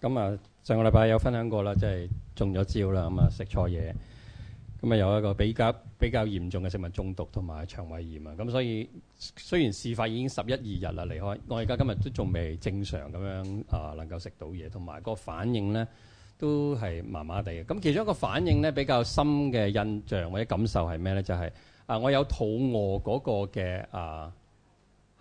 咁啊，上個禮拜有分享過啦，即係中咗招啦，咁啊食錯嘢，咁啊有一個比較比較嚴重嘅食物中毒同埋腸胃炎啊，咁所以雖然事發已經十一二日啦，離開我而家今日都仲未正常咁樣啊能夠食到嘢，同埋個反應咧都係麻麻地嘅。咁其中一個反應咧比較深嘅印象或者感受係咩咧？就係啊，我有肚餓嗰個嘅啊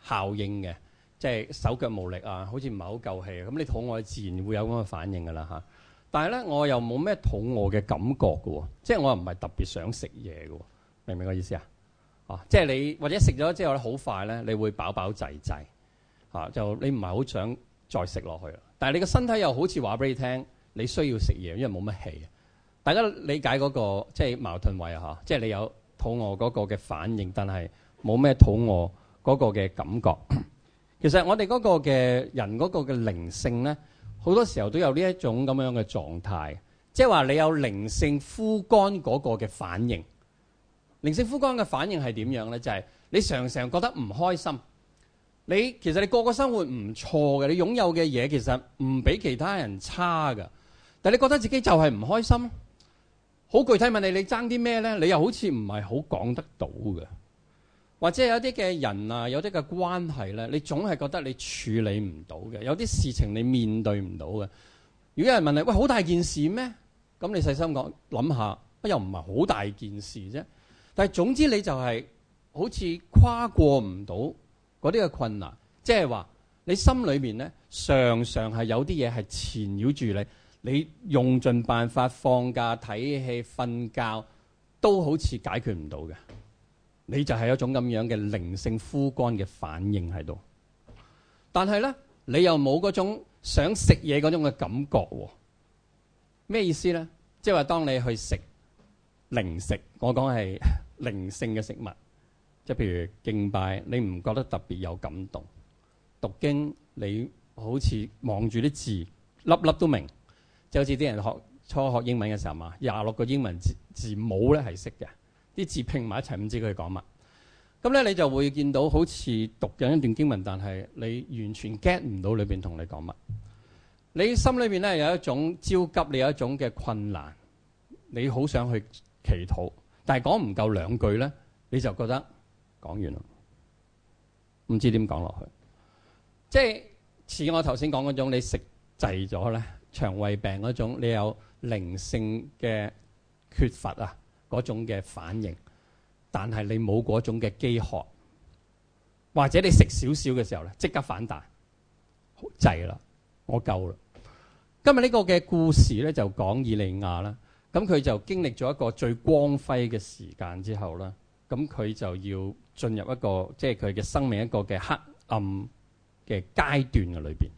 效應嘅。即係手腳無力啊，好似唔係好夠氣咁。咁你肚餓自然會有咁嘅反應噶啦嚇。但係咧，我又冇咩肚餓嘅感覺嘅喎，即係我又唔係特別想食嘢嘅喎。明唔明個意思啊？啊，即係你或者食咗之後咧，好快咧，你會飽飽滯滯啊，就你唔係好想再食落去。但係你個身體又好似話俾你聽，你需要食嘢，因為冇乜氣。大家理解嗰個即係矛盾位啊，即係你有肚餓嗰個嘅反應，但係冇咩肚餓嗰個嘅感覺。其實我哋嗰個嘅人嗰個嘅靈性呢，好多時候都有呢一種咁樣嘅狀態，即係話你有靈性枯乾嗰個嘅反應。靈性枯乾嘅反應係點樣呢？就係你常常覺得唔開心。你其實你個個生活唔錯嘅，你擁有嘅嘢其實唔比其他人差㗎，但你覺得自己就係唔開心。好具體問你，你爭啲咩呢？你又好似唔係好講得到嘅。或者有啲嘅人啊，有啲嘅關係呢，你總係覺得你處理唔到嘅，有啲事情你面對唔到嘅。如果有人問你，喂，好大件事咩？咁你細心講，諗下，又喂，又唔係好大件事啫。但係總之你就係、是、好似跨過唔到嗰啲嘅困難，即係話你心裏面呢，常常係有啲嘢係纏繞住你，你用盡辦法放假睇戲、瞓覺，都好似解決唔到嘅。你就係一種咁樣嘅靈性枯乾嘅反應喺度，但係咧，你又冇嗰種想食嘢嗰種嘅感覺喎。咩意思咧？即係話當你去食靈食，我講係靈性嘅食物，即係譬如敬拜，你唔覺得特別有感動；讀經，你好似望住啲字，粒粒都明，就好似啲人初學英文嘅時候嘛，廿六個英文字字母咧係識嘅。啲字拼埋一齊，唔知佢講乜。咁咧，你就會見到好似讀緊一段經文，但係你完全 get 唔到裏邊同你講乜。你心裏邊咧有一種焦急，你有一種嘅困難，你好想去祈禱，但係講唔夠兩句咧，你就覺得講完啦，唔知點講落去。即係似我頭先講嗰種，你食滯咗咧，腸胃病嗰種，你有靈性嘅缺乏啊。嗰種嘅反應，但係你冇嗰種嘅飢渴，或者你食少少嘅時候咧，即刻反彈，好滯啦，我夠啦。今日呢個嘅故事咧就講以利亞啦，咁佢就經歷咗一個最光輝嘅時間之後啦，咁佢就要進入一個即係佢嘅生命一個嘅黑暗嘅階段嘅裏面。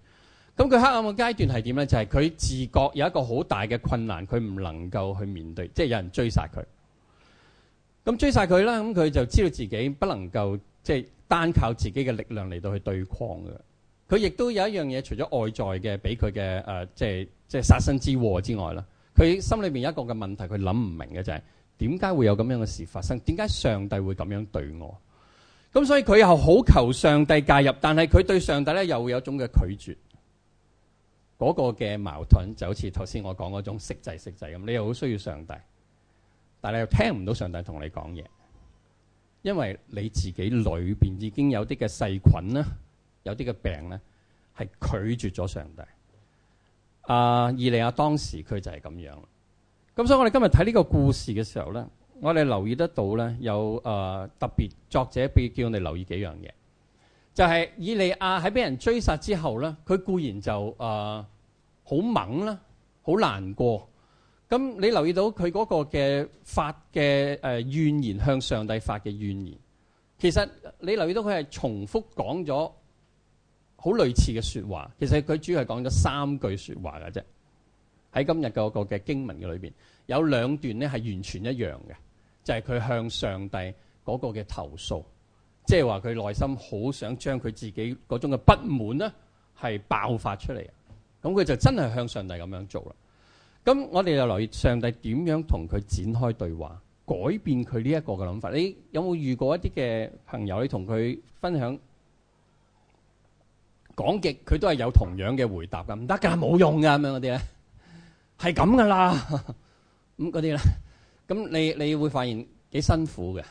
咁佢黑暗嘅階段係點咧？就係佢自覺有一個好大嘅困難，佢唔能夠去面對，即係有人追殺佢。咁追殺佢啦，咁佢就知道自己不能夠即係、就是、單靠自己嘅力量嚟到去對抗嘅。佢亦都有一樣嘢，除咗外在嘅俾佢嘅誒即係即係殺身之禍之外啦。佢心裏面有一個嘅問題，佢諗唔明嘅就係點解會有咁樣嘅事發生？點解上帝會咁樣對我？咁所以佢又好求上帝介入，但係佢對上帝咧又會有一種嘅拒絕嗰個嘅、那個、矛盾就好似頭先我講嗰種適製適製咁，你又好需要上帝。但係又聽唔到上帝同你講嘢，因為你自己裏邊已經有啲嘅細菌啦，有啲嘅病呢，係拒絕咗上帝。啊，以利亞當時佢就係咁樣。咁所以我哋今日睇呢個故事嘅時候呢，我哋留意得到呢，有、啊、誒特別作者俾叫我哋留意幾樣嘢，就係、是、以利亞喺俾人追殺之後呢，佢固然就誒好、啊、猛啦，好難過。咁你留意到佢嗰個嘅發嘅誒怨言，向上帝發嘅怨言。其實你留意到佢係重複講咗好類似嘅說話，其實佢主要係講咗三句說話嘅啫。喺今日嗰個嘅經文嘅裏邊，有兩段咧係完全一樣嘅，就係佢向上帝嗰個嘅投訴，即係話佢內心好想將佢自己嗰種嘅不滿咧係爆發出嚟，咁佢就真係向上帝咁樣做啦。咁我哋就留意上帝點樣同佢展開對話，改變佢呢一個嘅諗法？你有冇遇過一啲嘅朋友？你同佢分享，講極佢都係有同樣嘅回答噶，唔得噶，冇用噶咁 樣嗰啲咧，係咁噶啦。咁嗰啲咧，咁你你會發現幾辛苦嘅，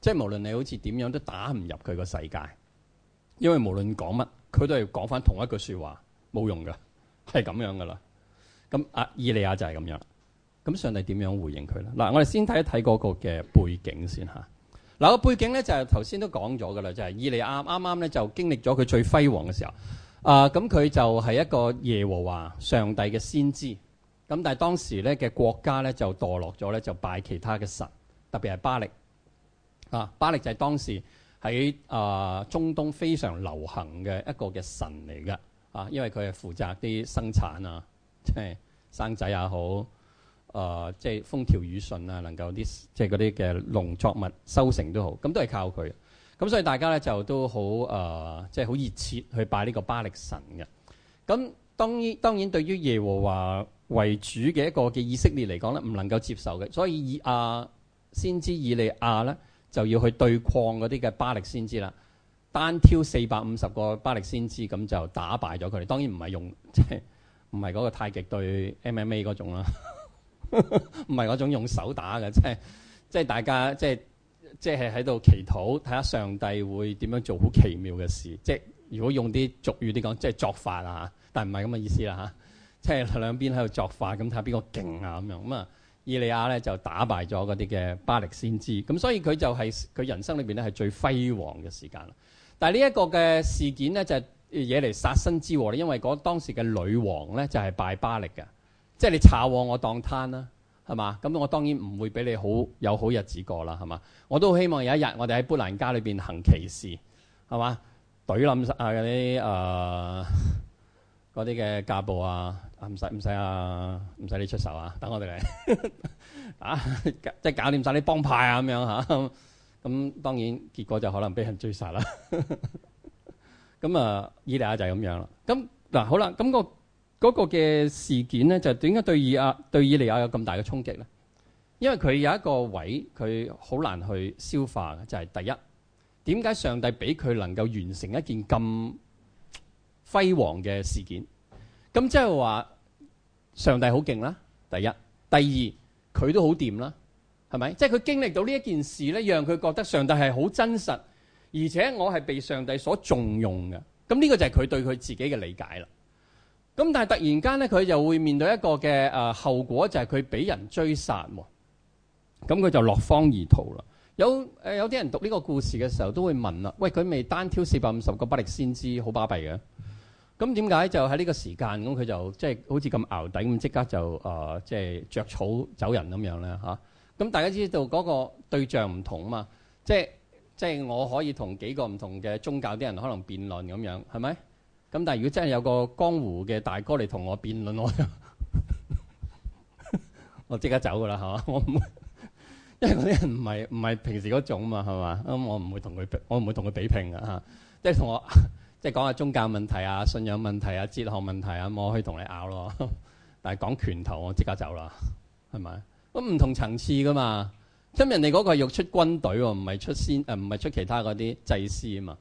即係無論你好似點樣都打唔入佢個世界，因為無論講乜，佢都係講翻同一句說話，冇用噶，係咁樣噶啦。咁啊，以利亞就係咁樣。咁上帝點樣回應佢咧？嗱，我哋先睇一睇嗰個嘅背景先嚇。嗱、啊，個背景咧就係頭先都講咗噶啦，就係、是就是、以利亞啱啱咧就經歷咗佢最輝煌嘅時候。啊，咁佢就係一個耶和華上帝嘅先知。咁但係當時咧嘅國家咧就墮落咗咧，就拜其他嘅神，特別係巴力啊。巴力就係當時喺啊中東非常流行嘅一個嘅神嚟嘅啊，因為佢係負責啲生產啊。即係生仔也好，誒、呃、即、就、係、是、風調雨順啊，能夠啲即係嗰啲嘅農作物收成都好，咁都係靠佢。咁所以大家咧就都好誒，即係好熱切去拜呢個巴力神嘅。咁當然當然對於耶和華為主嘅一個嘅以色列嚟講咧，唔能夠接受嘅。所以以亞先知以利亞咧就要去對抗嗰啲嘅巴力先知啦，單挑四百五十個巴力先知，咁就打敗咗佢哋。當然唔係用即係。就是唔係嗰個太極對 MMA 嗰種啦，唔係嗰種用手打嘅，即係即係大家即係即係喺度祈禱，睇下上帝會點樣做好奇妙嘅事。即係如果用啲俗語嚟講，即係作法啊，但係唔係咁嘅意思啦吓。即係兩邊喺度作法，咁睇下邊個勁啊咁樣。咁啊，以利亞咧就打敗咗嗰啲嘅巴力先知，咁所以佢就係佢人生裏邊咧係最輝煌嘅時間啦。但係呢一個嘅事件咧就係，惹嚟殺身之禍咧，因為嗰當時嘅女王咧就係拜巴力嘅，即係你查我我當攤啦，係嘛？咁我當然唔會俾你好有好日子過啦，係嘛？我都希望有一日我哋喺砵蘭街裏邊行歧視，係嘛？懟冧曬嗰啲誒嗰啲嘅家暴啊！啊唔使唔使啊，唔使你出手啊，等我哋嚟 啊！即係搞掂晒啲幫派啊咁樣吓，咁、啊、當然結果就可能俾人追殺啦。 咁啊，以利亞就係咁樣啦。咁嗱，好啦，咁個嗰個嘅事件咧，就點解對以亞對以利亞有咁大嘅衝擊咧？因為佢有一個位，佢好難去消化嘅，就係第一，點解上帝俾佢能夠完成一件咁輝煌嘅事件？咁即係話上帝好勁啦。第一，第二，佢都好掂啦，係咪？即係佢經歷到呢一件事咧，讓佢覺得上帝係好真實。而且我係被上帝所重用嘅，咁呢個就係佢對佢自己嘅理解啦。咁但係突然間呢，佢就會面對一個嘅誒後果，就係佢俾人追殺喎。咁佢就落荒而逃啦。有誒有啲人讀呢個故事嘅時候都會問啦，喂，佢未單挑四百五十個巴力先知，好巴閉嘅。咁點解就喺呢個時間咁佢就即係、就是、好似咁淆底咁即刻就誒即係着草走人咁樣咧嚇？咁、啊、大家知道嗰個對象唔同啊嘛，即、就、係、是。即係我可以同幾個唔同嘅宗教啲人可能辯論咁樣，係咪？咁但係如果真係有個江湖嘅大哥嚟同我辯論，我就 我即刻走噶啦，係嘛？我唔會， 因為嗰啲人唔係唔係平時嗰種啊嘛，係嘛？咁我唔會同佢，比我唔會同佢比拼嘅嚇。是就是、跟我 即係同我即係講下宗教問題啊、信仰問題啊、哲學問題啊，我可以同你拗咯。但係講拳頭，我即刻走啦，係咪？咁唔同層次噶嘛。因人哋嗰個要出軍隊喎，唔係出先，唔係出其他嗰啲祭司啊嘛。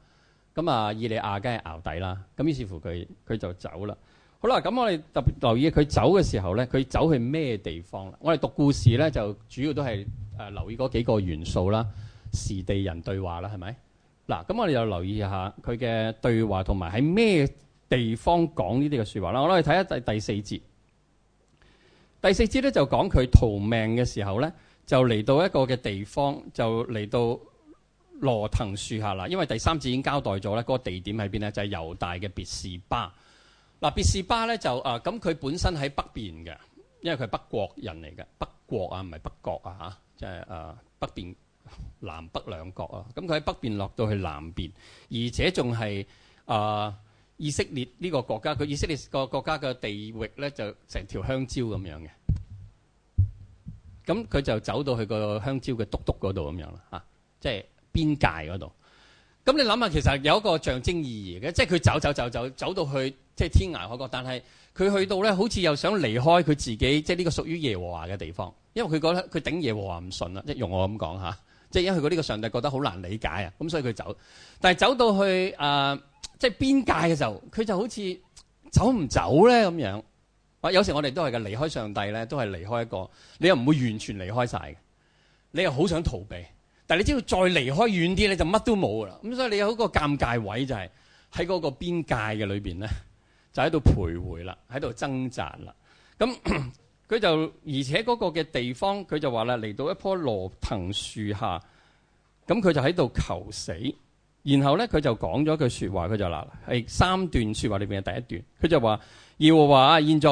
咁啊，以利亞梗係淆底啦。咁於是乎佢佢就走啦。好啦，咁我哋特別留意佢走嘅時候咧，佢走去咩地方啦？我哋讀故事咧，就主要都係、呃、留意嗰幾個元素啦、時地人對話啦，係咪？嗱，咁我哋又留意一下佢嘅對話同埋喺咩地方講呢啲嘅說話啦。我哋睇下第第四節，第四節咧就講佢逃命嘅時候咧。就嚟到一個嘅地方，就嚟到羅藤樹下啦。因為第三節已經交代咗呢嗰個地點喺邊呢？就係、是、猶大嘅別是巴。嗱、啊，別是巴呢，就誒，咁、啊、佢本身喺北邊嘅，因為佢係北國人嚟嘅，北國啊，唔係北角啊嚇，即係誒北邊南北兩國啊。咁佢喺北邊落到去南邊，而且仲係誒以色列呢個國家。佢以色列個國家嘅地域呢，就成條香蕉咁樣嘅。咁佢就走到去個香蕉嘅督篤嗰度咁樣啦，嚇，即係邊界嗰度。咁你諗下，其實有一個象徵意義嘅，即係佢走走走走走到去即係天涯海角，但係佢去到咧，好似又想離開佢自己，即係呢個屬於耶和華嘅地方，因為佢覺得佢頂耶和華唔順啦，即係用我咁講下，即係因為佢呢個上帝覺得好難理解啊，咁所以佢走。但係走到去誒，即係邊界嘅時候，佢就好似走唔走咧咁樣。有時我哋都係嘅，離開上帝咧，都係離開一個，你又唔會完全離開晒，嘅，你又好想逃避，但係你知道再離開遠啲你就乜都冇噶啦。咁所以你有嗰個尷尬位，就係，就係喺嗰個邊界嘅裏面，咧，就喺度徘徊啦，喺度掙扎啦。咁、嗯、佢就而且嗰個嘅地方，佢就話啦，嚟到一棵羅藤樹下，咁佢就喺度求死。然後咧，佢就講咗句説話，佢就話係三段説話裏面嘅第一段，佢就話。要嘅話，現在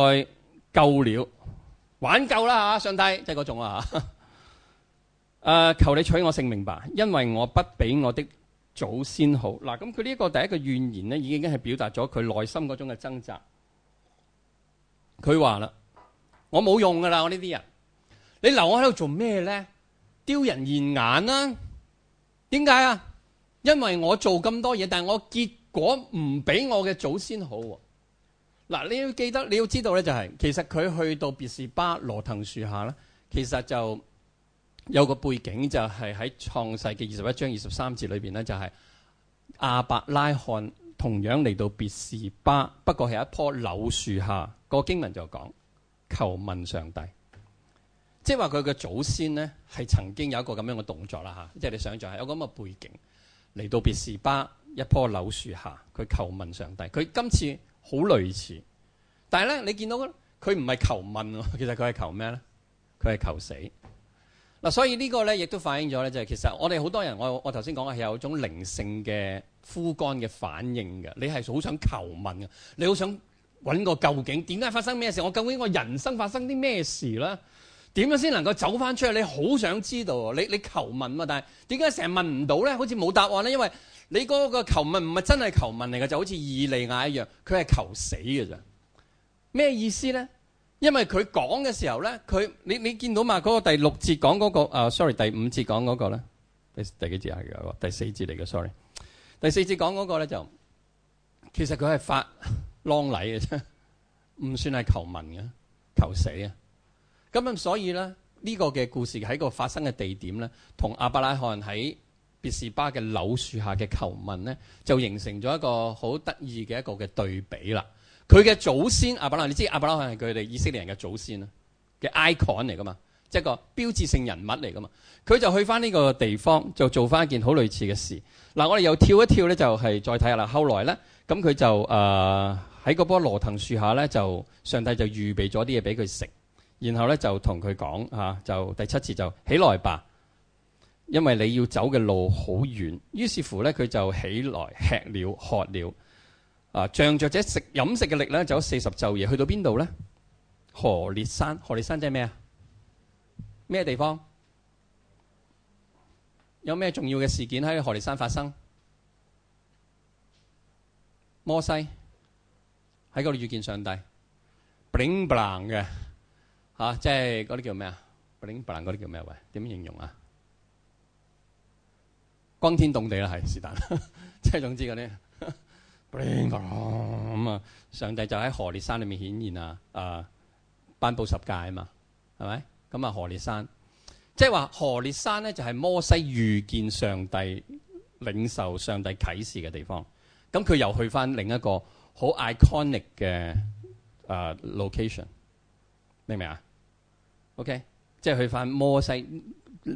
夠了，玩夠啦吓！上帝，即係嗰種啊！誒、 呃，求你取我性命吧，因為我不比我的祖先好。嗱、啊，咁佢呢一個第一個怨言呢，已經係表達咗佢內心嗰種嘅掙扎。佢話啦：「我冇用噶啦，我呢啲人，你留我喺度做咩呢？丟人現眼啦、啊！點解啊？因為我做咁多嘢，但係我結果唔比我嘅祖先好。嗱，你要記得，你要知道咧，就係其實佢去到別士巴羅騰樹下咧，其實就有個背景，就係喺創世記二十一章二十三節裏邊咧，就係亞伯拉罕同樣嚟到別士巴，不過係一棵柳樹下。個經文就講求問上帝，即係話佢嘅祖先咧係曾經有一個咁樣嘅動作啦。吓，即係你想象係有咁嘅背景嚟到別士巴一棵柳樹下，佢求問上帝。佢今次，好類似，但係咧，你見到佢唔係求問喎，其實佢係求咩咧？佢係求死。嗱，所以個呢個咧，亦都反映咗咧，就係、係、其實我哋好多人，我我頭先講嘅係有一種靈性嘅枯乾嘅反應嘅，你係好想求問啊，你好想搵個究竟點解發生咩事？我究竟我人生發生啲咩事咧？點樣先能夠走翻出去？你好想知道喎，你你求問啊。但係點解成日問唔到咧？好似冇答案咧，因為，你嗰個求問唔係真係求問嚟嘅，就好似以利亞一樣，佢係求死嘅啫。咩意思咧？因為佢講嘅時候咧，佢你你見到嘛？嗰、那個第六節講嗰個啊、uh,，sorry，第五節講嗰個咧，第第幾節係第四節嚟嘅，sorry，第四節講嗰個咧就，其實佢係發啷厲嘅啫，唔算係求問嘅，求死啊！咁樣所以咧，呢、這個嘅故事喺個發生嘅地點咧，同亞伯拉罕喺。別是巴嘅柳樹下嘅求問咧，就形成咗一個好得意嘅一個嘅對比啦。佢嘅祖先阿伯拉罕，你知阿伯拉罕係佢哋以色列人嘅祖先啦，嘅 icon 嚟㗎嘛，即、就、係、是、個標誌性人物嚟㗎嘛。佢就去返呢個地方，就做返一件好類似嘅事。嗱、啊，我哋又跳一跳咧，就係、是、再睇下啦。後來咧，咁佢就誒喺嗰棵羅騰樹下咧，就上帝就預備咗啲嘢俾佢食，然後咧就同佢講吓，就、啊、就第七次就起來吧。因為你要走嘅路好遠，於是乎咧，佢就起來吃了喝了啊，仗着者食飲食嘅力咧，走四十晝夜去到邊度咧？何烈山？何烈山即係咩啊？咩地方？有咩重要嘅事件喺何烈山發生？摩西喺嗰度遇見上帝，bling bling 嘅吓，即係嗰啲叫咩啊？bling bling 嗰啲叫咩喂，點形容啊？光天動地啦，係是但，即係總之嗰啲。咁啊、嗯，上帝就喺何烈山裏面顯現啊，啊、呃，頒布十誡啊嘛，係咪？咁、嗯、啊，何烈山，即係話何烈山咧就係、是、摩西遇見上帝、領受上帝啟示嘅地方。咁佢又去翻另一個好 iconic 嘅、呃、location，明唔明啊？OK，即係去翻摩西，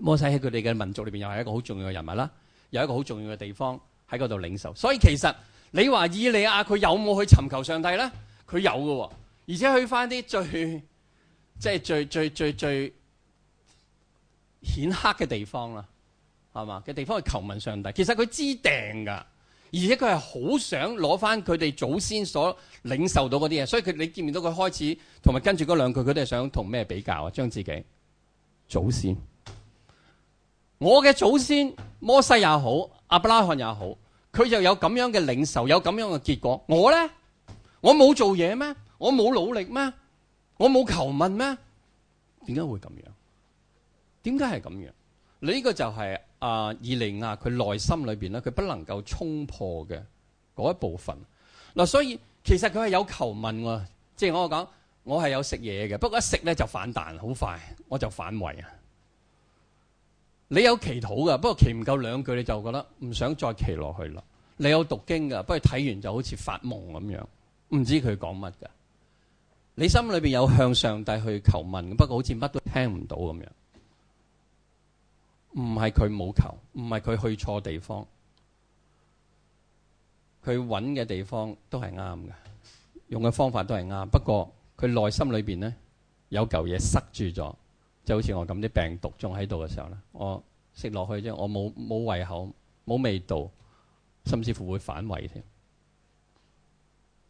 摩西喺佢哋嘅民族裏邊又係一個好重要嘅人物啦。有一個好重要嘅地方喺嗰度領受，所以其實你話以利亞佢有冇去尋求上帝咧？佢有嘅，而且去翻啲最即係最最最最顯赫嘅地方啦，係嘛嘅地方去求問上帝。其實佢知定噶，而且佢係好想攞翻佢哋祖先所領受到嗰啲嘢，所以佢你見唔到佢開始同埋跟住嗰兩句，佢哋係想同咩比較啊？將自己祖先，我嘅祖先摩西也好，阿伯拉罕也好，佢就有咁樣嘅領受，有咁樣嘅結果。我咧，我冇做嘢咩？我冇努力咩？我冇求問咩？點解會咁樣？點解係咁樣？呢、這個就係阿以利亞佢內心裏邊咧，佢不能夠衝破嘅嗰一部分。嗱，所以其實佢係有求問，即、就、係、是、我講，我係有食嘢嘅，不過一食咧就反彈好快，我就反胃啊。你有祈禱噶，不過祈唔夠兩句你就覺得唔想再祈落去啦。你有讀經噶，不過睇完就好似發夢咁樣，唔知佢講乜噶。你心裏面有向上帝去求問，不過好似乜都聽唔到咁樣。唔係佢冇求，唔係佢去錯地方，佢揾嘅地方都係啱嘅，用嘅方法都係啱。不過佢內心裏面呢，有嚿嘢塞住咗。就好似我咁，啲病毒仲喺度嘅時候呢，我食落去啫，我冇冇胃口，冇味道，甚至乎會反胃添。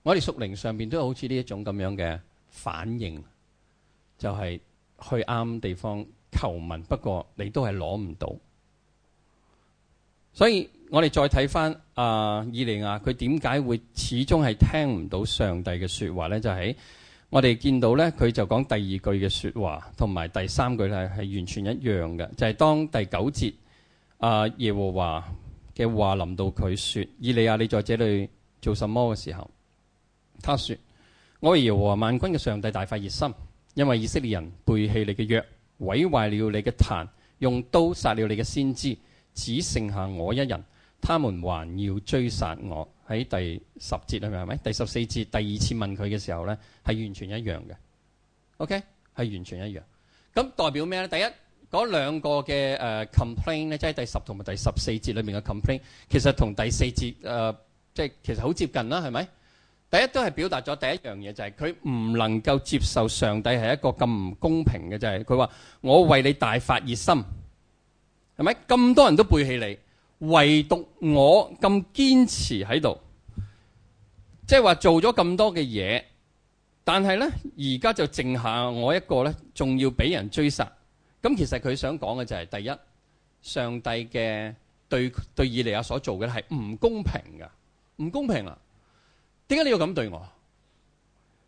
我哋屬靈上面都好似呢一種咁樣嘅反應，就係、是、去啱地方求問，不過你都係攞唔到。所以我哋再睇翻啊，以利亞佢點解會始終係聽唔到上帝嘅說話呢？就喺、是我哋見到呢，佢就講第二句嘅說話，同埋第三句咧，係完全一樣嘅，就係、是、當第九節啊耶和華嘅話臨到佢說：，以利亞你在這裏做什麼嘅時候？他說：，我為耶和華萬軍嘅上帝大發熱心，因為以色列人背棄你嘅約，毀壞了你嘅壇，用刀殺了你嘅先知，只剩下我一人，他們還要追殺我。喺第十節裏面係咪？第十四節第二次問佢嘅時候咧，係完全一樣嘅。OK，係完全一樣。咁代表咩咧？第一嗰兩個嘅誒 complaint 咧，即、呃、係第十同埋第十四節裏面嘅 complaint，其實同第四節，即係其實好接近啦，係咪？第一都係表達咗第一樣嘢，就係佢唔能夠接受上帝係一個咁唔公平嘅，就係佢話我為你大發熱心，係咪咁多人都背棄你？唯獨我咁堅持喺度，即係話做咗咁多嘅嘢，但係呢，而家就剩下我一個呢，仲要俾人追殺。咁其實佢想講嘅就係、是，第一，上帝嘅對對以利亞所做嘅係唔公平噶，唔公平啦、啊。點解你要咁對我？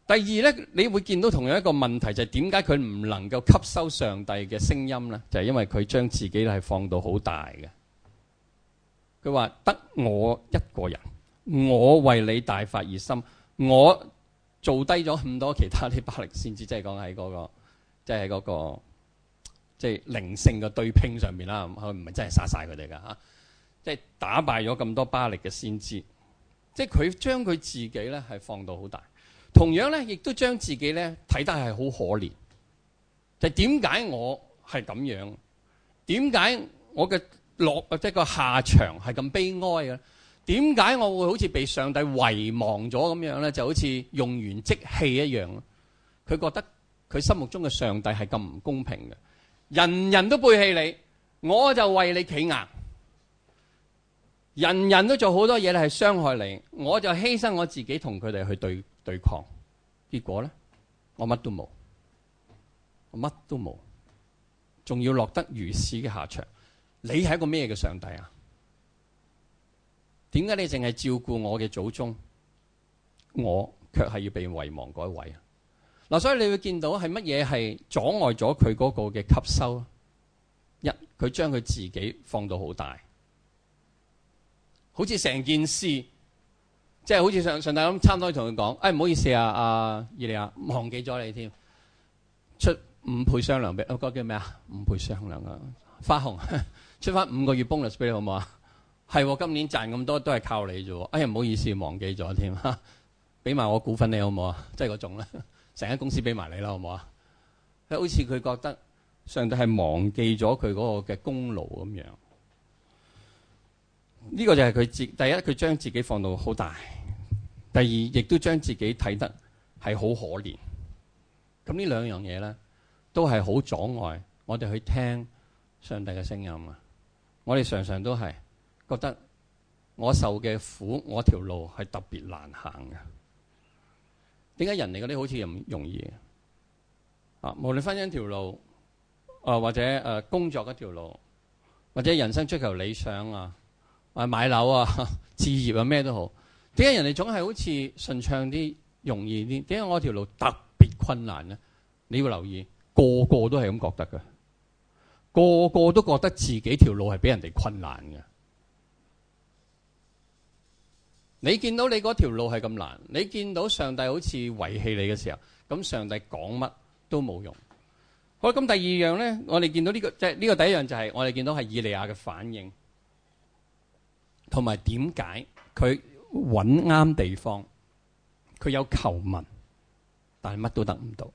第二呢，你會見到同樣一個問題，就係點解佢唔能夠吸收上帝嘅聲音呢？就係、是、因為佢將自己係放到好大嘅。佢話：得我一個人，我為你大發熱心，我做低咗咁多其他啲巴力先知，即係講喺嗰個，即係嗰個，即係靈性嘅對拼上面啦。佢唔係真係殺晒佢哋噶嚇，即係打敗咗咁多巴力嘅先知，即係佢將佢自己咧係放到好大，同樣咧亦都將自己咧睇得係好可憐。就點解我係咁樣？點解我嘅？落即個下場係咁悲哀嘅，點解我會好似被上帝遺忘咗咁樣呢？就好似用完即棄一樣，佢覺得佢心目中嘅上帝係咁唔公平嘅。人人都背棄你，我就為你企硬；人人都做好多嘢係傷害你，我就犧牲我自己同佢哋去對對抗，結果呢，我乜都冇，我乜都冇，仲要落得如此嘅下場。你係一個咩嘅上帝啊？點解你淨係照顧我嘅祖宗，我卻係要被遺忘嗰一位啊？嗱，所以你會見到係乜嘢係阻礙咗佢嗰個嘅吸收？一，佢將佢自己放到好大，好似成件事，即係好似上上帝咁，差唔多同佢講，哎，唔好意思啊，阿以利亞忘記咗你添，出五倍雙糧俾，嗰個叫咩啊？五倍雙糧啊，花紅。 出翻五個月 bonus 俾你好唔好啊？係喎，今年賺咁多都係靠你啫喎！哎呀，唔好意思，忘記咗添嚇，俾埋我股份你好唔好啊？即係嗰種啦，成間公司俾埋你啦，好唔好啊？好似佢覺得上帝係忘記咗佢嗰個嘅功勞咁樣。呢個就係佢自第一，佢將自己放到好大；第二，亦都將自己睇得係好可憐。咁呢兩樣嘢咧，都係好阻礙我哋去聽上帝嘅聲音啊！我哋常常都係覺得我受嘅苦，我條路係特別難行嘅。點解人哋嗰啲好似咁容易啊？無論婚姻條路，或者誒工作嗰條路，或者人生追求理想啊，或者買樓啊、置業啊咩都好，點解人哋總係好似順暢啲、容易啲？點解我條路特別困難呢？你要留意，個個都係咁覺得嘅。個個都覺得自己條路係俾人哋困難嘅。你見到你嗰條路係咁難，你見到上帝好似遺棄你嘅時候，咁上帝講乜都冇用。好啦，咁第二樣呢，我哋見到呢、這個即係呢個第一樣就係、是、我哋見到係以利亞嘅反應，同埋點解佢揾啱地方，佢有求問，但係乜都得唔到，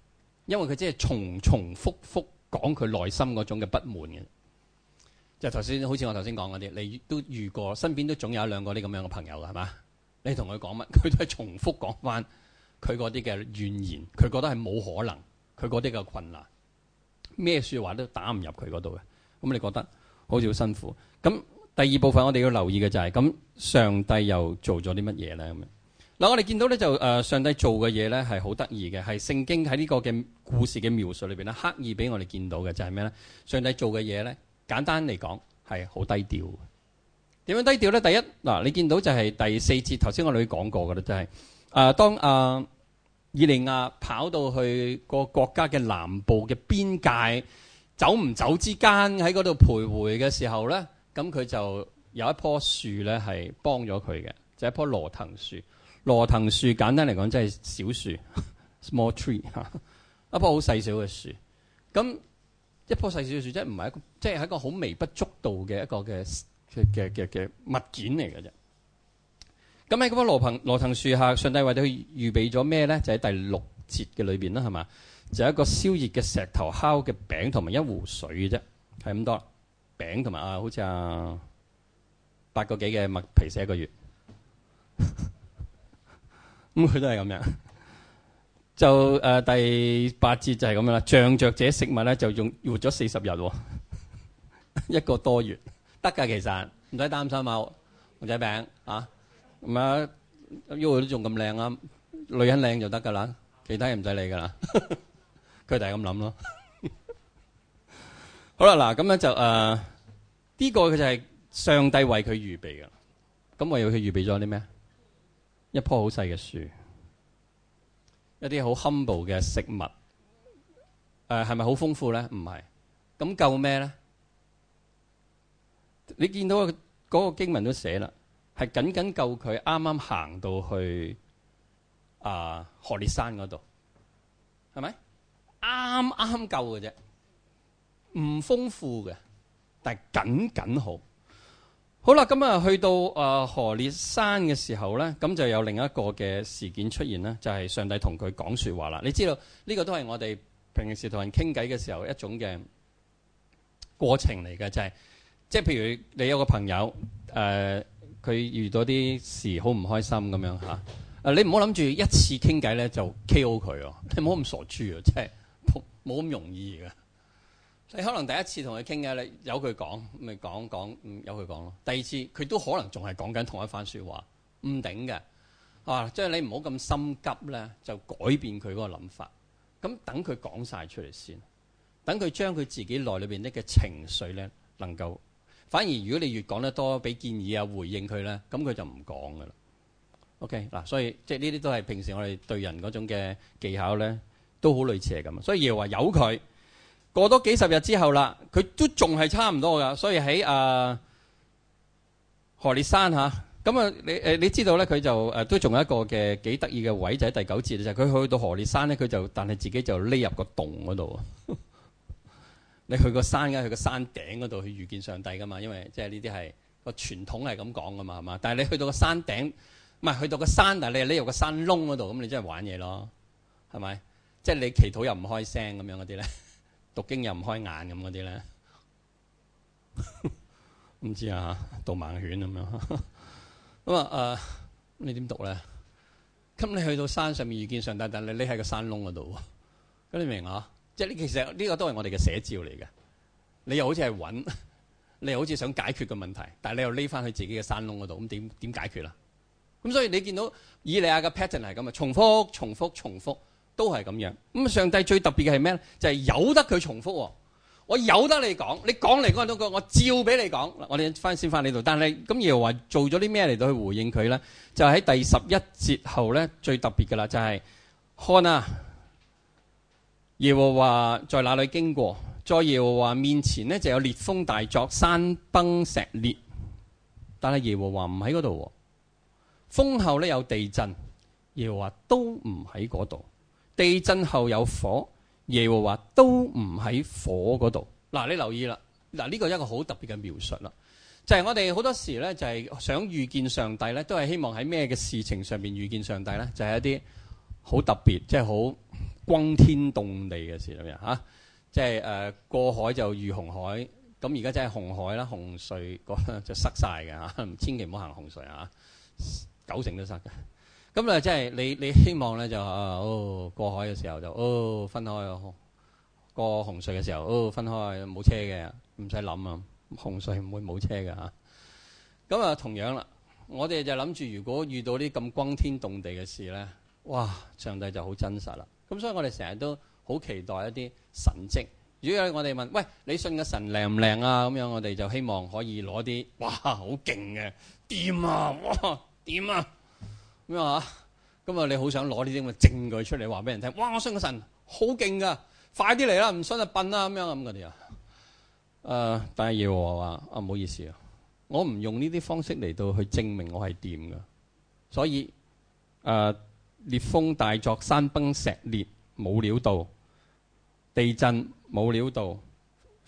因為佢即係重重複複。講佢內心嗰種嘅不滿嘅，就頭先好似我頭先講嗰啲，你都遇過，身邊都總有一兩個呢咁樣嘅朋友啦，係嘛？你同佢講乜，佢都係重複講翻佢嗰啲嘅怨言，佢覺得係冇可能，佢嗰啲嘅困難，咩說話都打唔入佢嗰度嘅。咁你覺得好似好辛苦。咁第二部分我哋要留意嘅就係咁，上帝又做咗啲乜嘢咧？咁樣。嗱，我哋見到咧就誒、呃，上帝做嘅嘢咧係好得意嘅，係聖經喺呢個嘅故事嘅描述裏邊咧，刻意俾我哋見到嘅就係咩咧？上帝做嘅嘢咧，簡單嚟講係好低調嘅。點樣低調咧？第一嗱，你見到就係第四節，頭先我哋講過嘅啦，就係、是、誒、呃、當誒以、呃、利亞跑到去個國家嘅南部嘅邊界，走唔走之間喺嗰度徘徊嘅時候咧，咁佢就有一棵樹咧係幫咗佢嘅，就係、是、一棵羅騰樹。羅藤樹簡單嚟講，真係小樹，small tree， 一棵好細小嘅樹。咁一樖細小嘅樹，即係唔係一個，即係係一個好微不足道嘅一個嘅嘅嘅嘅物件嚟嘅啫。咁喺嗰樖羅藤羅藤樹下，上帝為佢預備咗咩咧？就喺第六節嘅裏邊啦，係嘛？就係一個燒熱嘅石頭烤嘅餅，同埋一壺水嘅啫，係咁多。餅同埋啊，好似啊八個幾嘅麥皮，食一個月。 咁佢都係咁樣，就、呃、第八節就係咁樣啦。仗著這食物咧，就用活咗四十日喎，一個多月得㗎。其實唔使擔心嘛，紅仔餅啊，咁啊，佢都仲咁靚啊，女人靚就得㗎啦，其他嘢唔使理㗎啦。佢就係咁諗咯。好啦，嗱咁樣就呢、呃呢個佢就係上帝為佢預備㗎。咁為佢預備咗啲咩？一棵好細嘅樹，一啲好 humble 嘅食物，誒係咪好豐富咧？唔係，咁夠咩咧？你見到嗰個經文都寫啦，係僅僅夠佢啱啱行到去啊何烈山嗰度，係咪？啱啱夠嘅啫，唔豐富嘅，但係僅僅好。好啦，咁啊，去到啊、呃、何烈山嘅時候咧，咁就有另一個嘅事件出現啦，就係、是、上帝同佢講說話啦。你知道呢、這個都係我哋平時同人傾偈嘅時候一種嘅過程嚟嘅，就係、是、即係譬如你有個朋友誒，佢、呃、遇到啲事好唔開心咁樣、啊、你唔好諗住一次傾偈咧就 K.O. 佢喎，你唔好咁傻豬啊，即係冇咁容易嘅。你可能第一次同佢傾偈，你由佢講，咪講講，咁由佢講咯、嗯。第二次佢都可能仲係講緊同一番說話，唔頂嘅。啊，即係你唔好咁心急咧，就改變佢嗰個諗法。咁等佢講晒出嚟先，等佢將佢自己內裏面嘅情緒咧，能夠反而，如果你越講得多，俾建議啊，回應佢咧，咁佢就唔講噶啦。OK 嗱、啊，所以即係呢啲都係平時我哋對人嗰種嘅技巧咧，都好類似係咁。所以又話有佢。過多幾十日之後啦，佢都仲係差唔多噶，所以喺誒何烈山吓，咁啊，啊你你知道咧，佢就誒都仲有一個嘅幾得意嘅位就喺第九節就係、是、佢去到何烈山咧，佢就但係自己就匿入個洞嗰度。 你去個山嘅，去個山頂嗰度去遇見上帝噶嘛？因為即係呢啲係個傳統係咁講噶嘛，係嘛？但係你去到個山頂，唔係去到個山，但係你匿入個山窿嗰度，咁你真係玩嘢咯，係咪？即、就、係、是、你祈禱又唔開聲咁樣嗰啲咧。讀經又唔開眼咁嗰啲咧，唔 知啊，導盲犬咁樣。咁啊，你點讀咧？咁你去到山上面遇見上帝，但你匿喺個山窿嗰度，咁你明啊？即係呢，其實呢，這個都係我哋嘅寫照嚟嘅。你又好似係揾，你又好似想解決嘅問題，但係你又匿翻去自己嘅山窿嗰度，咁點點解決啦？咁所以你見到以利亞嘅 pattern 係咁啊，重複、重複、重複。都係咁樣咁。上帝最特別嘅係咩咧？就係、是、由得佢重複、哦，我由得你講，你講嚟嗰陣都講，我照俾你講。我哋翻先翻呢度，但係咁耶和華做咗啲咩嚟到去回應佢咧？就喺、是、第十一節後咧，最特別嘅啦就係、是、看啊，耶和華在那裡經過，在耶和華面前呢，就有烈風大作，山崩石裂，但係耶和華唔喺嗰度。風後咧有地震，耶和華都唔喺嗰度。地震後有火，耶和華都唔喺火嗰度。嗱、啊，你留意啦，嗱、啊、呢、這個是一個好特別嘅描述啦，就係、是、我哋好多時咧，就係、是、想遇見上帝咧，都係希望喺咩嘅事情上邊遇見上帝咧，就係、是、一啲好特別，即係好轟天動地嘅事咁樣吓，即係誒過海就遇紅海，咁而家真係紅海啦，紅隧嗰就塞晒嘅吓，千祈唔好行紅隧啊，九成都塞嘅。咁咧，即係你你希望咧就哦過海嘅時候就哦分開哦，過洪水嘅時候哦分開冇車嘅，唔使諗啊！洪水唔會冇車嘅嚇。咁啊，同樣啦，我哋就諗住如果遇到啲咁轟天動地嘅事咧，哇！上帝就好真實啦。咁所以我哋成日都好期待一啲神蹟。如果有我哋問，喂，你信嘅神靚唔靚啊？咁樣我哋就希望可以攞啲哇，好勁嘅，掂啊，哇掂啊！咁啊，咁啊，你好想攞呢啲咁嘅證據出嚟話俾人聽，哇！我信個神好勁噶，快啲嚟啦，唔信就笨啦咁樣咁嗰啲啊。誒、呃，但係耶和華話：啊、呃，唔好意思啊，我唔用呢啲方式嚟到去證明我係掂噶。所以，誒、呃，烈風大作，山崩石裂，冇料到；地震冇料到，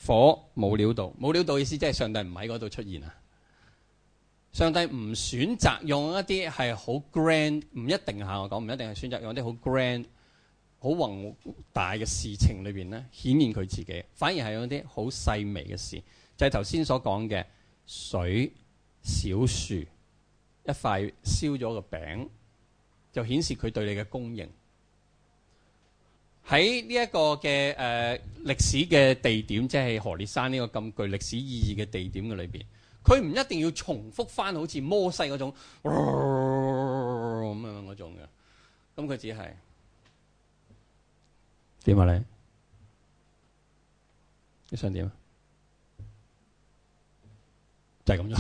火冇料到，冇料到的意思即係上帝唔喺嗰度出現啊。上帝唔選擇用一啲係好 grand，唔一定係。我講，唔一定係選擇用啲好 grand、好宏大嘅事情裏面咧顯現佢自己，反而係用啲好細微嘅事，就係頭先所講嘅水、小樹、一塊燒咗個餅，就顯示佢對你嘅供應。喺呢一個嘅誒、呃、歷史嘅地點，即係何烈山呢個咁具歷史意義嘅地點嘅裏面。佢唔一定要重複翻好似摩西嗰種咁、哦哦哦哦哦哦、樣嗰種嘅，咁佢只係點啊你？你想點啊？就係咁樣，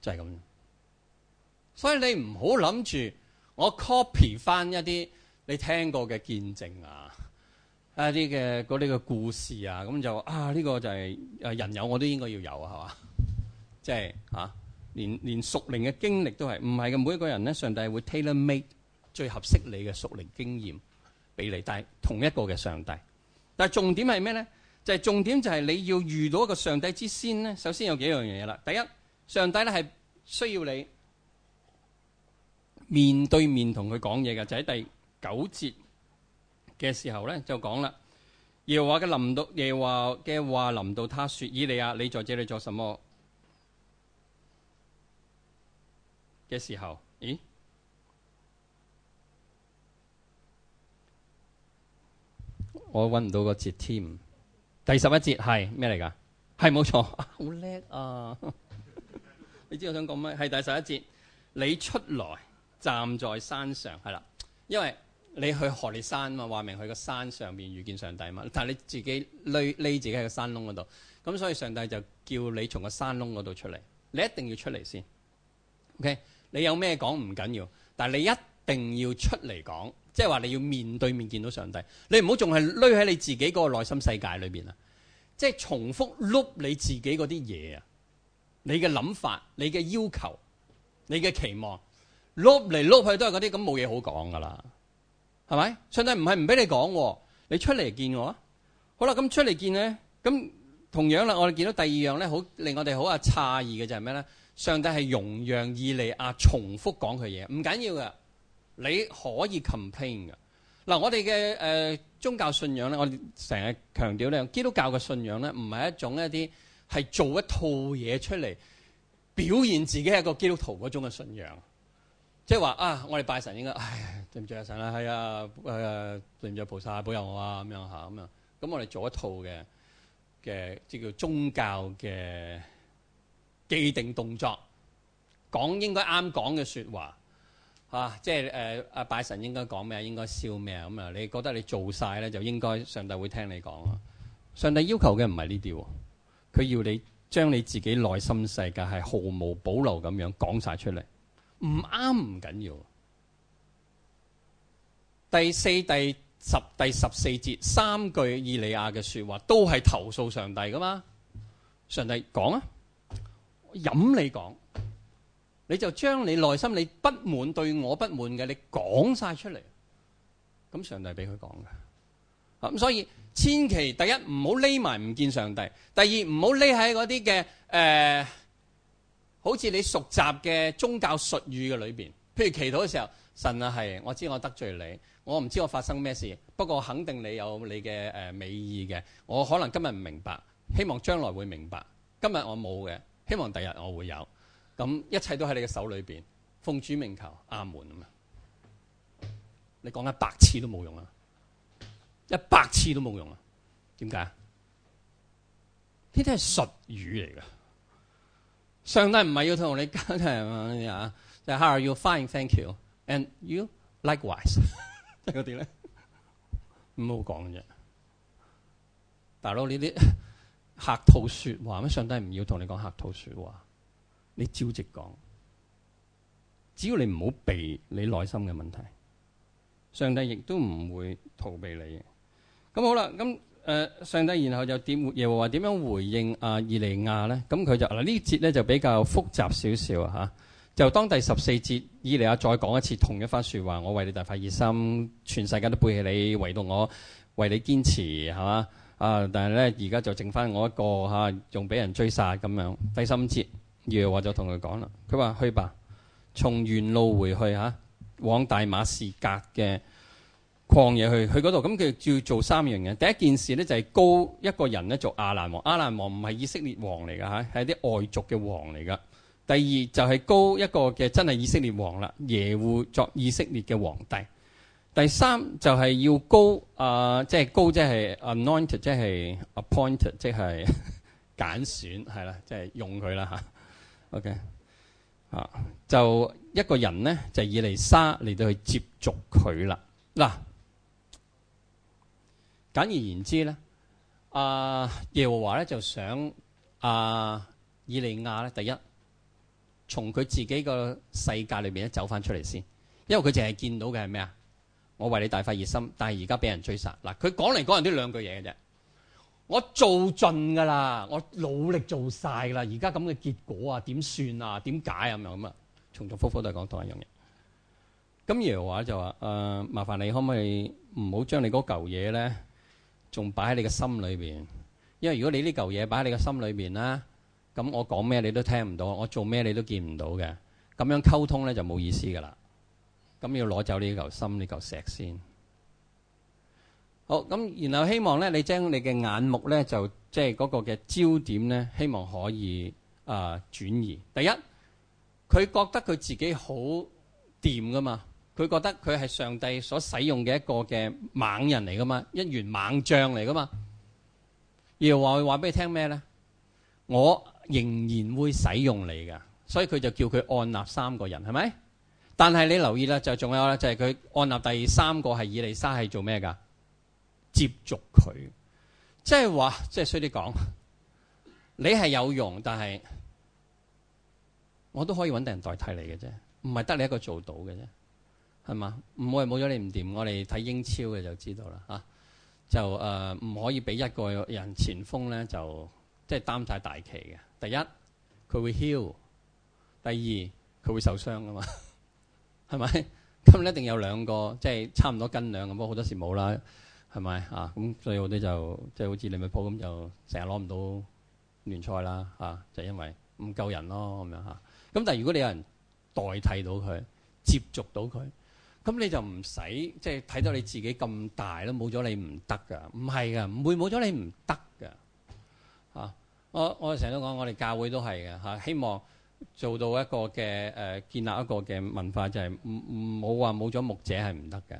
就係、是、咁樣。 所以你唔好諗住我 copy 翻一啲你聽過嘅見證啊，一啲嘅嗰啲嘅故事啊，咁就啊呢、呢個就係誒人有我都應該要有係嘛？是吧？即係嚇、啊，連連屬靈嘅經歷都係唔係嘅每一個人咧，上帝係會 tailor made 最合適你嘅屬靈經驗俾你。但係同一個嘅上帝，但係重點係咩咧？就係、是、重點就係你要遇到一個上帝之先咧，首先有幾樣嘢啦。第一，上帝咧係需要你面對面同佢講嘢嘅，就喺、是、第九節嘅時候咧就講啦。耶和華嘅臨到，耶和華嘅話臨到他，說：以利亞，你在這裡做什麼？嘅時候，咦？我揾唔到個節添。第十一節係咩嚟㗎？係冇錯，好叻啊！ 你知道我想講咩？係第十一節，你出來站在山上係啦，因為你去何烈山嘛，話明去個山上邊遇見上帝嘛。但係你自己匿匿自己喺個山窿嗰度，咁所以上帝就叫你從個山窿嗰度出嚟，你一定要出嚟先。OK。你有咩講唔緊要，但係你一定要出嚟講，即係話你要面對面見到上帝。你唔好仲係匿喺你自己嗰個內心世界裏邊啊！即係重複 loop 你自己嗰啲嘢啊，你嘅諗法、你嘅要求、你嘅期望，loop 嚟 loop 去都係嗰啲，咁冇嘢好講噶啦，係咪？上帝唔係唔俾你講，你出嚟見我。好啦，咁出嚟見呢？咁同樣啦，我哋見到第二樣咧，好令我哋好啊詫異嘅就係咩咧？上帝係容讓以利亞重複講佢嘢，唔緊要嘅，你可以 complain 噶。嗱，我哋嘅誒宗教信仰咧，我哋成日強調咧，基督教嘅信仰咧，唔係一種一啲係做一套嘢出嚟表現自己係一個基督徒嗰種嘅信仰，即係話啊，我哋拜神應該唉，對唔住阿神啊，係啊誒、啊、對唔住菩薩保佑我啊咁樣嚇，咁樣，咁我哋做一套嘅嘅即係叫宗教嘅。既定動作，講應該啱講嘅說話吓、啊，即係誒，阿、呃、拜神應該講咩啊？應該笑咩？咁啊，你覺得你做晒咧就應該上帝會聽你講咯。上帝要求嘅唔係呢啲，佢要你將你自己內心世界係毫無保留咁樣講晒出嚟，唔啱唔緊要。第四、第十、第十四節三句，以利亞嘅說話都係投訴上帝噶嘛？上帝講啊！飲你講，你就將你內心你不滿對我不滿嘅，你講晒出嚟。咁上帝俾佢講嘅咁，所以千祈第一唔好匿埋唔見上帝，第二唔好匿喺嗰啲嘅誒，好似你熟習嘅宗教術語嘅裏邊，譬如祈禱嘅時候，神啊係我知我得罪你，我唔知我發生咩事，不過肯定你有你嘅誒美意嘅。我可能今日唔明白，希望將來會明白。今日我冇嘅。希望第日我會有，咁一切都喺你嘅手裏邊，奉主名求阿門啊！你講一百次都冇用啊，一百次都冇用啊，點解？呢啲係術語嚟嘅，上帝唔係要同你交朋友啊！就 係 how are you? Fine, thank you, and you likewise。 即係嗰啲咧，唔好講嘅啫，大佬呢啲。客套說話咩？上帝唔要同你講客套說話，你照直講。只要你唔好避你內心嘅問題，上帝亦都唔會逃避你。咁好啦，咁誒，上帝然後就點？耶和華點樣回應阿以、啊、利亞咧？咁佢就嗱、啊、呢節咧就比較複雜少少吓。就當第十四節，以利亞再講一次同一番說話：，我為你大發熱心，全世界都背棄你，唯獨我為你堅持，係嘛？啊！但係咧，而家就剩返我一個嚇，仲、啊、俾人追殺咁樣。第三節，耶和華就同佢講啦，佢話去吧，從原路回去嚇、啊，往大馬士革嘅曠野去，去嗰度。咁佢要做三樣嘢。第一件事呢，就係、是、高一個人咧做亞蘭王，亞蘭王唔係以色列王嚟㗎嚇，係啲外族嘅王嚟㗎。第二就係高一個嘅真係以色列王啦，耶戶作以色列嘅皇帝。第三就係、是、要高啊，即係高，即係 anointed，即係 appointed，即係揀 選，係啦，即、就、係、是、用佢啦嚇。OK 啊，uh, 就一個人咧，就是、以利沙嚟到去接觸佢啦。嗱、啊，簡而言之咧，啊耶和華咧就想啊以利亞咧，第一從佢自己個世界裏邊咧走返出嚟先，因為佢淨係見到嘅係咩啊？我為你大發熱心，但係而家俾人追殺。嗱，佢講嚟講去都兩句嘢嘅啫。我做盡噶啦，我努力做晒啦，而家咁嘅結果啊，點算啊？點解啊？咁樣咁啊，重重複複都係講同一樣嘢。金爺話就話：誒、呃，麻煩你可唔可以唔好將你嗰嚿嘢咧，仲擺喺你嘅心裏邊？因為如果你呢嚿嘢擺喺你嘅心裏邊啦，咁我講咩你都聽唔到，我做咩你都見唔到嘅，咁樣溝通咧就冇意思噶啦。咁要攞走呢嚿心呢嚿石先。好，咁然後希望咧，你將你嘅眼目咧，就即係嗰個嘅焦點咧，希望可以啊轉移。第一，佢覺得佢自己好掂噶嘛，佢覺得佢係上帝所使用嘅一個嘅猛人嚟噶嘛，一員猛將嚟噶嘛。然後話佢話俾你聽咩咧？我仍然會使用你噶，所以佢就叫佢按立三個人，係咪？但係你留意啦，就仲有啦，就係、是、佢按立第三個係以利沙係做咩噶？接續佢，即係話，即係衰啲講，你係有用，但係我都可以揾第人代替你嘅啫，唔係得你一個做到嘅啫，係嘛？唔會冇咗你唔掂，我哋睇英超嘅就知道啦。吓、啊、就誒，唔、呃、可以俾一個人前鋒咧，就即係擔晒大旗嘅。第一，佢會囂；第二，佢會受傷噶嘛。係咪咁一定有兩個即係差唔多斤兩咁？不過好多時冇啦，係咪啊？咁所以我哋就即係好似利物浦咁，就成日攞唔到聯賽啦，啊！就因為唔夠人咯咁樣嚇。咁但係如果你有人代替到佢，接觸到佢，咁你就唔使即係睇到你自己咁大都冇咗你唔得㗎，唔係㗎，唔會冇咗你唔得㗎。啊！我我成日都講，我哋教會都係嘅嚇，希望。做到一個嘅誒、呃，建立一個嘅文化就係唔唔好話冇咗牧者係唔得嘅，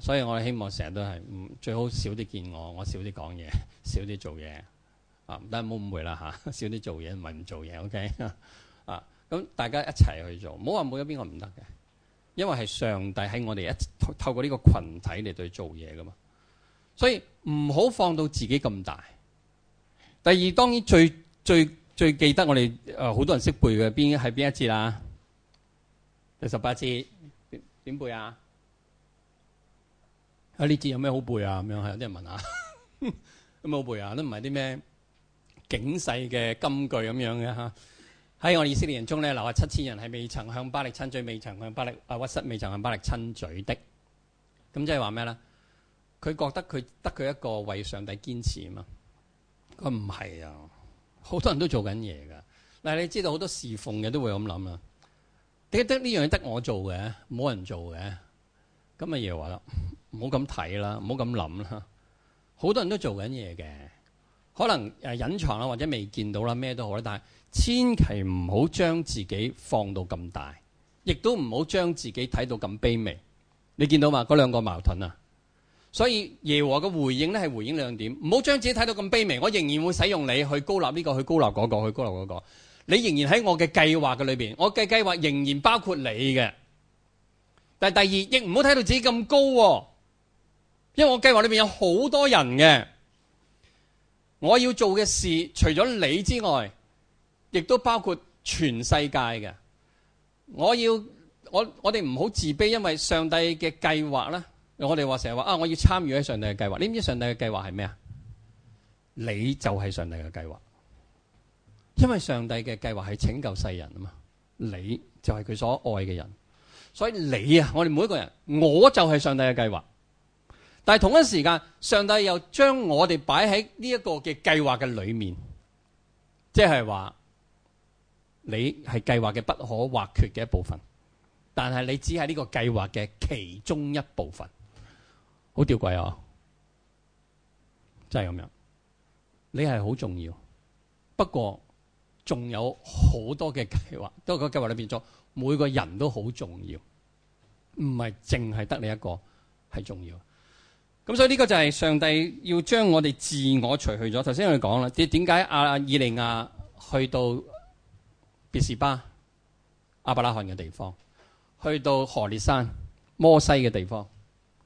所以我希望成日都係唔最好少啲見我，我少啲講嘢，少啲做嘢啊！但係唔好誤會啦嚇、啊，少啲做嘢唔係唔做嘢，OK 啊？咁大家一齊去做，冇話冇咗邊個唔得嘅，因為係上帝喺我哋一透過呢個群體嚟對做嘢噶嘛。所以唔好放到自己咁大。第二當然最最。最記得我哋誒好多人識背嘅，邊係邊一節啊？第十八節點點背啊？啊呢節有咩好背啊？咁樣係有啲人問啊，有冇 好背啊？都唔係啲咩警世嘅金句咁樣嘅嚇。喺、啊、我哋以色列人中咧，留下七千人係未曾向巴力親嘴，未曾向巴力啊屈膝，未曾向巴力親嘴的。咁即係話咩咧？佢覺得佢得佢一個為上帝堅持啊嘛。佢唔係啊。好多人都做緊嘢㗎，嗱，你知道好多侍奉嘅都會咁諗啊，點解得呢樣嘢得我做嘅，冇人做嘅？咁啊嘢話啦，唔好咁睇啦，唔好咁諗啦，好多人都做緊嘢嘅，可能誒隱藏啦或者未見到啦咩都好啦，但係千祈唔好將自己放到咁大，亦都唔好將自己睇到咁卑微。你見到嘛？嗰兩個矛盾啊！所以耶和華嘅回應咧係回應兩點，唔好將自己睇到咁卑微。我仍然會使用你去膏立呢個，去膏立嗰個，去膏立嗰個。你仍然喺我嘅計劃嘅裏邊，我嘅計劃仍然包括你嘅。但係第二，亦唔好睇到自己咁高喎，因為我計劃裏面有好多人嘅。我要做嘅事，除咗你之外，亦都包括全世界嘅。我要我我哋唔好自卑，因為上帝嘅計劃咧。我哋話成日話啊，我要參與喺上帝嘅計劃。你唔知上帝嘅計劃係咩啊？你就係上帝嘅計劃，因為上帝嘅計劃係拯救世人啊嘛。你就係佢所愛嘅人，所以你啊，我哋每一個人，我就係上帝嘅計劃。但係同一時間，上帝又將我哋擺喺呢一個嘅計劃嘅裏面，即係話你係計劃嘅不可或缺嘅一部分，但係你只係呢個計劃嘅其中一部分。好吊詭啊！真係咁樣，你係好重要。不過仲有好多嘅計劃，都個計劃裏邊咗每個人都好重要，唔係淨係得你一個係重要。咁所以呢個就係上帝要將我哋自我除去咗。頭先我哋講啦，點點解阿亞以利亞去到別士巴、亞伯拉罕嘅地方，去到何烈山、摩西嘅地方？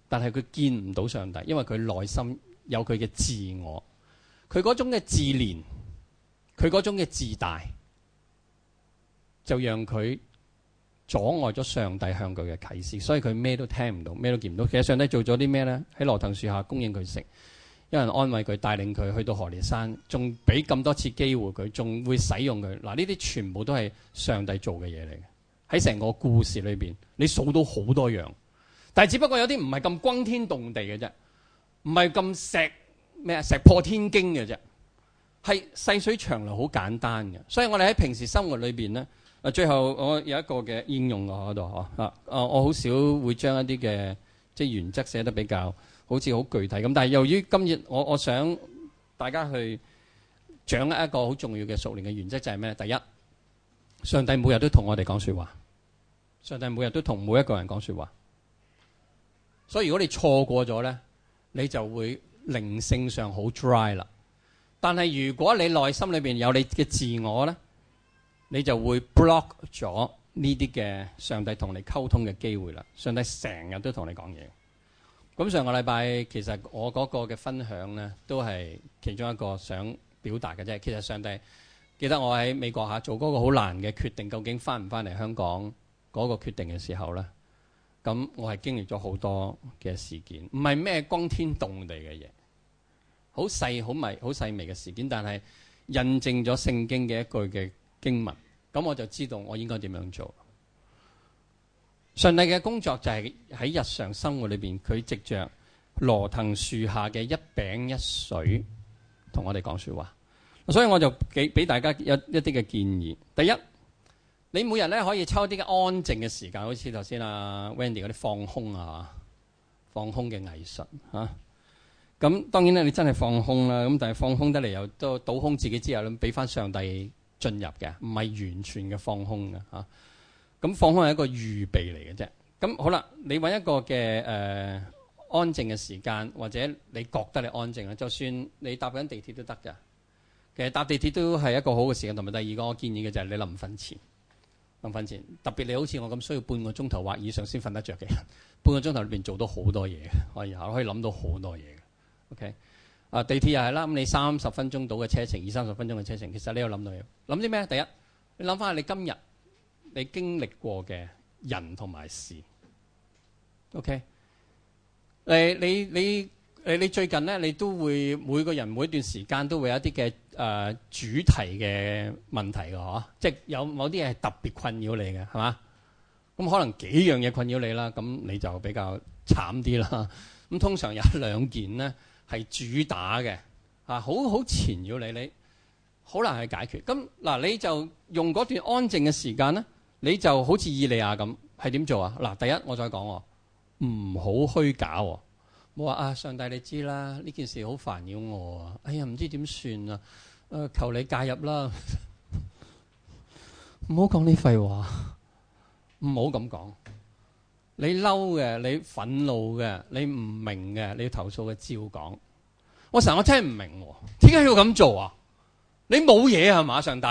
但係佢見唔到上帝，因為佢內心有佢嘅自我，佢嗰種嘅自憐，佢嗰種嘅自大，就讓佢阻礙咗上帝向佢嘅啟示，所以佢咩都聽唔到，咩都見唔到。其實上帝做咗啲咩呢？喺羅騰樹下供應佢食，有人安慰佢，帶領佢去到何烈山，仲俾咁多次機會佢，仲會使用佢。嗱，呢啲全部都係上帝做嘅嘢嚟嘅。喺成個故事裏邊，你數到好多樣。但係只不過有啲唔係咁轟天動地嘅啫，唔係咁石咩啊？石破天驚嘅啫，係細水長流，好簡單嘅。所以我哋喺平時生活裏邊咧，啊，最後我有一個嘅應用我嗰度。我好少會將一啲嘅即係原則寫得比較好似好具體咁，但係由於今日我我想大家去掌握一個好重要嘅熟練嘅原則就係咩？第一，上帝每日都同我哋講說話，上帝每日都同每一個人講說話。所以如果你錯過咗呢，你就會靈性上好 dry 啦。但係如果你內心裏面有你嘅自我呢，你就會 block 咗呢啲嘅上帝同你溝通嘅機會啦。上帝成日都同你講嘢。咁上個禮拜其實我嗰個嘅分享呢，都係其中一個想表達嘅啫。其實上帝記得我喺美國下做嗰個好難嘅決定，究竟翻唔翻嚟香港嗰個決定嘅時候呢，咁我係經歷咗好多嘅事件，唔係咩光天動地嘅嘢，好細好微好細微嘅事件，但係印證咗聖經嘅一句嘅經文，咁我就知道我應該點樣做。上帝嘅工作就係喺日常生活裏邊，佢藉着羅藤樹下嘅一餅一水，同我哋講說話，所以我就俾俾大家有一啲嘅建議，第一。你每日咧，可以抽啲嘅安靜嘅時間，好似頭先阿 Wendy 嗰啲放空啊，放空嘅藝術嚇。咁、啊、當然咧，你真係放空啦，咁但係放空得嚟又都倒空自己之後，咁俾翻上帝進入嘅，唔係完全嘅放空嘅嚇。咁、啊、放空係一個預備嚟嘅啫。咁好啦，你揾一個嘅誒、呃、安靜嘅時間，或者你覺得你安靜啦，就算你搭緊地鐵都得㗎。其實搭地鐵都係一個好嘅時間，同埋第二個我建議嘅就係你臨瞓前。瞓瞓前，特別你好似我咁需要半個鐘頭或以上先瞓得着嘅人，半個鐘頭裏邊做到好多嘢，可以可以諗到好多嘢 OK，啊地鐵又係啦，咁你三十分鐘到嘅車程，二三十分鐘嘅車程，其實你有諗到嘢，諗啲咩？第一，你諗翻你今日你經歷過嘅人同埋事。OK，誒你你。你你你你最近咧，你都會每個人每段時間都會有一啲嘅誒主題嘅問題嘅，即係有某啲嘢係特別困擾你嘅，係嘛？咁可能幾樣嘢困擾你啦，咁你就比較慘啲啦。咁通常有一兩件呢係主打嘅，啊好好纏繞你，你好難去解決。咁嗱，你就用嗰段安靜嘅時間咧，你就好似以利亞咁，係點做啊？嗱，第一，我再講，唔好虛假。我話啊，上帝，你知啦，呢件事好煩擾我啊！哎呀，唔知點算啊！誒，求你介入啦！唔好講呢廢話，唔好咁講。你嬲嘅，你憤怒嘅，你唔明嘅，你要投訴嘅，照講。我成日我聽唔明，點解要咁做啊？你冇嘢係嘛，上帝？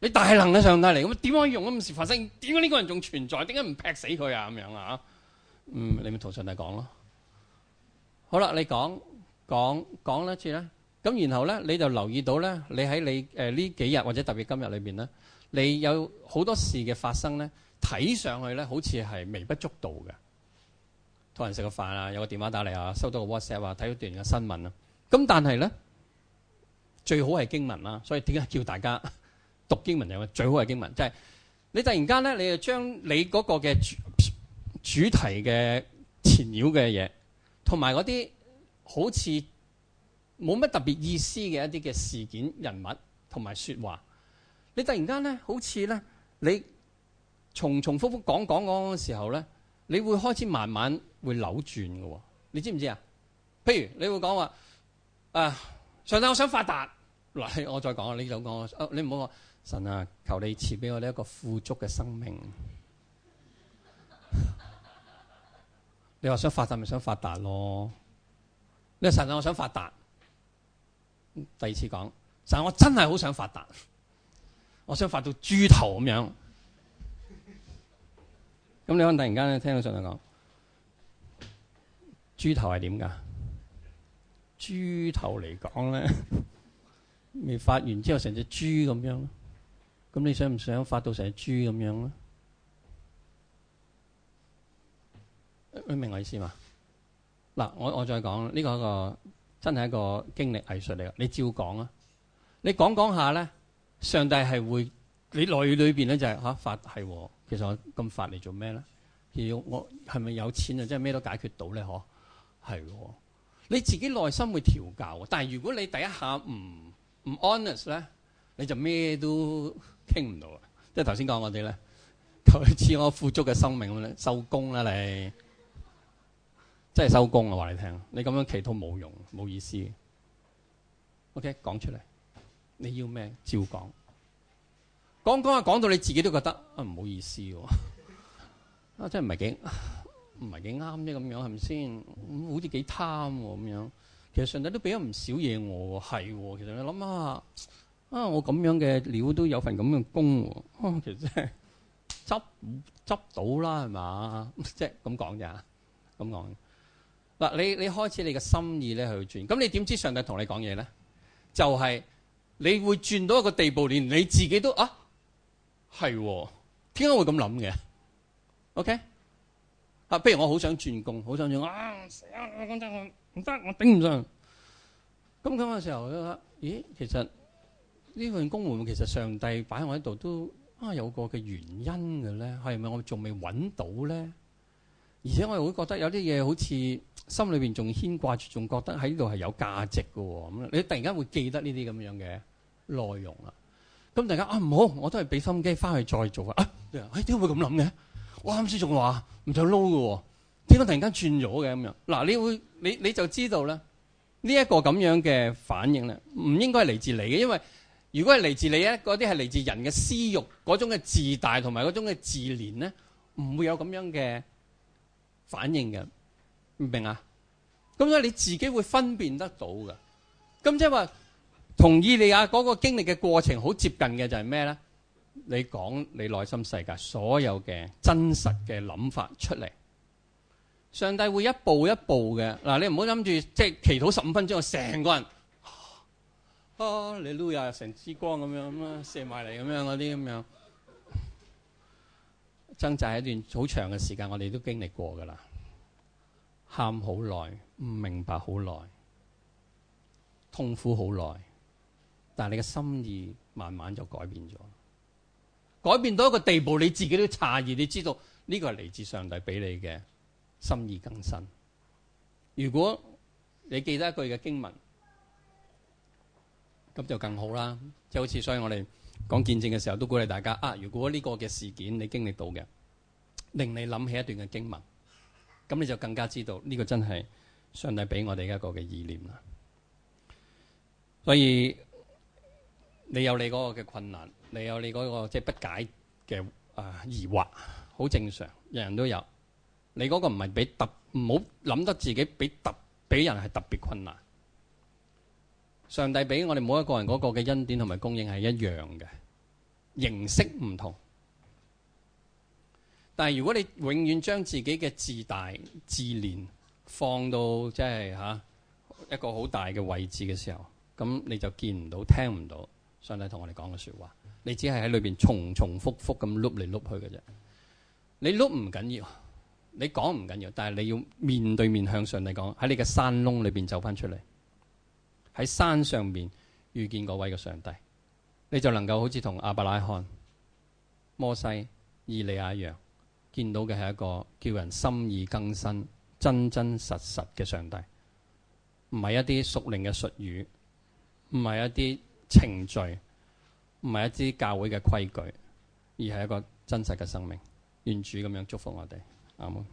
你大能嘅上帝嚟，咁點可以用咁事發生？點解呢個人仲存在？點解唔劈死佢啊？咁樣啊？嗯，你咪同上帝講咯。好啦，你講講講一次啦。咁然後咧，你就留意到咧，你喺你呃、呢幾日或者特別今日裏面咧，你有好多事嘅發生咧，睇上去咧好似係微不足道嘅。同人食個飯啊，有個電話打嚟啊，收到個 WhatsApp 啊，睇到段嘅新聞啊。咁但係咧，最好係經文啦、啊。所以點解叫大家讀經文嚟？最好係經文，即係你突然間咧，你就將你嗰個嘅。主題嘅纏繞嘅嘢，同埋嗰啲好似冇乜特別意思嘅一啲嘅事件、人物同埋説話，你突然間咧，好似咧，你重重複複講講講嘅時候咧，你會開始慢慢會扭轉嘅喎，你知唔知啊？譬如你會講話，啊，上帝，我想發達，嗱，我再講啦，呢首歌，你唔好話，神啊，求你賜俾我呢一個富足嘅生命。你話想發達咪想發達咯？你話實際，我想發達。第二次講，實在我真係好想發達，我想發到豬頭咁樣。咁你可突然間聽到上帝講豬頭係點噶？豬頭嚟講咧，未發完之後成隻豬咁樣。咁你想唔想發到成隻豬咁樣咧？你明我意思嘛？嗱，我我再講呢個一個真係一個經歷藝術嚟噶。你照講啊，你講講下咧，上帝係會你內裏邊咧就係、是、吓、啊、法係。其實我咁法嚟做咩咧？要我係咪有錢啊？即係咩都解決到咧？嗬，係你自己內心會調教。但係如果你第一下唔唔 honest 咧，就是，你就咩都傾唔到啊。即係頭先講我哋咧，求賜我富足嘅生命咁咧，收工啦你。真係收工啊！話你聽，你咁樣祈禱冇用，冇意思。OK，講出嚟，你要咩？照講，講講下，講到你自己都覺得啊，唔好意思喎，啊，啊，真係唔係幾唔係幾啱啫？咁樣係咪先？好似幾貪喎咁樣。其實上帝都俾咗唔少嘢我，係喎。其實你諗下，啊，我咁樣嘅料都有份咁嘅工喎，啊，其實真係執執到啦，係嘛？即係咁講咋？咁講。嗱，你你開始你嘅心意咧去轉，咁你點知上帝同你講嘢咧？就係、是、你會轉到一個地步，連你自己都啊，係、哦，點解會咁諗嘅？OK，啊，譬如我好想轉工，好想轉工，啊死啊！我講真，我唔得，我頂唔上。咁咁嘅時候咧，咦？其實呢份工會唔會其實上帝擺喺我度都啊有個嘅原因嘅咧？係咪我仲未揾到咧？而且我又會覺得有啲嘢好似心裏邊仲牽掛住，仲覺得喺呢度係有價值嘅喎。咁你突然間會記得呢啲咁樣嘅內容啦。咁大家啊唔好，我都係俾心機翻去再做啊。你話誒點會咁諗嘅？我啱先仲話唔想撈嘅喎，點解突然間轉咗嘅咁樣嗱？你會你你就知道咧呢一個咁樣嘅反應咧，唔應該係嚟自你嘅，因為如果係嚟自你咧，嗰啲係嚟自人嘅私欲，嗰種嘅自大同埋嗰種嘅自憐咧，唔會有咁樣嘅反應嘅，明唔明啊？咁所以你自己會分辨得到嘅。咁即係話同以利亞嗰個經歷嘅過程好接近嘅就係咩咧？你講你內心世界所有嘅真實嘅諗法出嚟，上帝會一步一步嘅。嗱，你唔好諗住即係祈禱十五分鐘，成個人啊，你都有成支光咁樣射埋嚟咁樣嗰啲咁樣。掙扎一段好長嘅時間，我哋都經歷過噶啦，喊好耐，唔明白好耐，痛苦好耐，但係你嘅心意慢慢就改變咗，改變到一個地步，你自己都詫異，你知道呢個係嚟自上帝俾你嘅心意更新。如果你記得一句嘅經文，咁就更好啦。就好似，所以我哋。講見證嘅時候都鼓勵大家啊！如果呢個嘅事件你經歷到嘅，令你諗起一段嘅經文，咁你就更加知道呢個真係上帝俾我哋一個嘅意念啦。所以你有你嗰個嘅困難，你有你嗰個即係不解嘅啊疑惑，好正常，人人都有。你嗰個唔係俾特，唔好諗得自己俾特俾人係特別困難。上帝俾我哋每一個人嗰個嘅恩典同埋供應係一樣嘅，形式唔同。但係如果你永遠將自己嘅自大、自憐放到即係吓一個好大嘅位置嘅時候，咁你就見唔到、聽唔到上帝同我哋講嘅說話。你只係喺裏邊重重復復咁碌嚟碌去嘅啫。你碌唔緊要，你講唔緊要，但係你要面對面向上帝講，喺你嘅山窿裏邊走翻出嚟。喺山上面遇見嗰位嘅上帝，你就能夠好似同阿伯拉罕、摩西、以利亞一樣見到嘅係一個叫人心意更新、真真實實嘅上帝，唔係一啲屬靈嘅術語，唔係一啲程序，唔係一啲教會嘅規矩，而係一個真實嘅生命。願主咁樣祝福我哋，Amen。